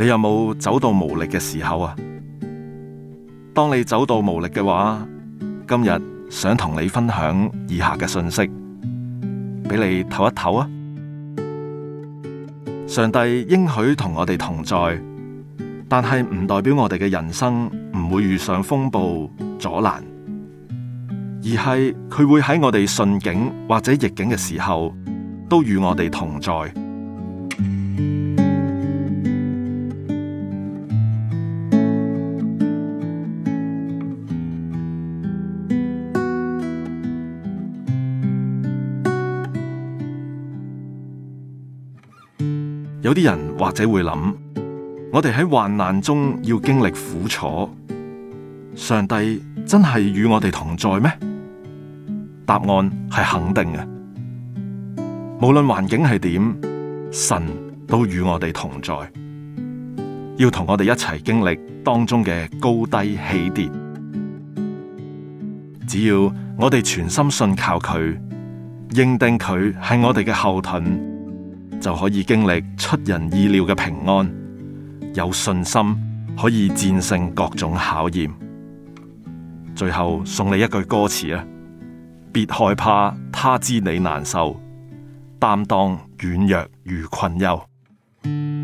你有冇走到無力嘅時候啊？當你走到無力嘅話，今日想同你分享以下嘅信息，俾你唞一唞啊！上帝應許同我哋同在，但係唔代表我哋嘅人生唔會遇上風暴阻攔，而係佢會喺我哋順境或者逆境嘅時候，都與我哋同在。有啲人或者會諗，我哋喺患難中要經歷苦楚，上帝真係與我哋同在咩？答案係肯定嘅。無論環境係點，神都與我哋同在，要同我哋一齊經歷當中嘅高低起跌。只要我哋全心信靠佢，認定佢係我哋嘅後盾，就可以經歷出人意料嘅平安，有信心可以戰勝各種考驗。最後送你一句歌詞啦：別害怕，他知你難受，擔當軟弱如困憂。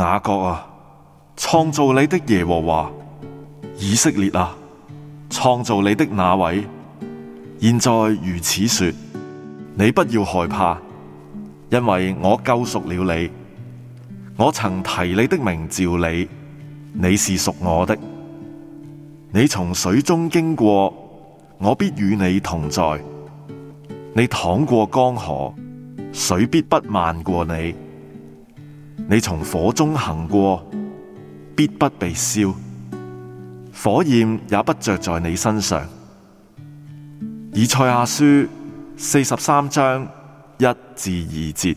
雅各啊，創造你的耶和華；以色列啊，創造你的那位，現在如此說：你不要害怕，因為我救贖了你。我曾提你的名召你，你是屬我的。你從水中經過，我必與你同在；你淌過江河，水必不漫過你。你從火中行過，必不被燒；火焰也不着在你身上。以賽亞書四十三章一至二節。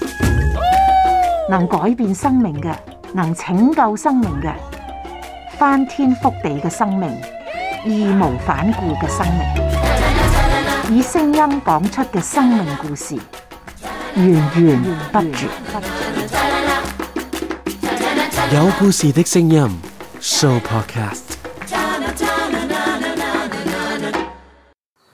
能改變生命嘅，能拯救生命嘅，翻天覆地嘅生命，義無反顧嘅生命，以聲音講出嘅生命故事，源源不絕。有故事的聲音，Show Podcast。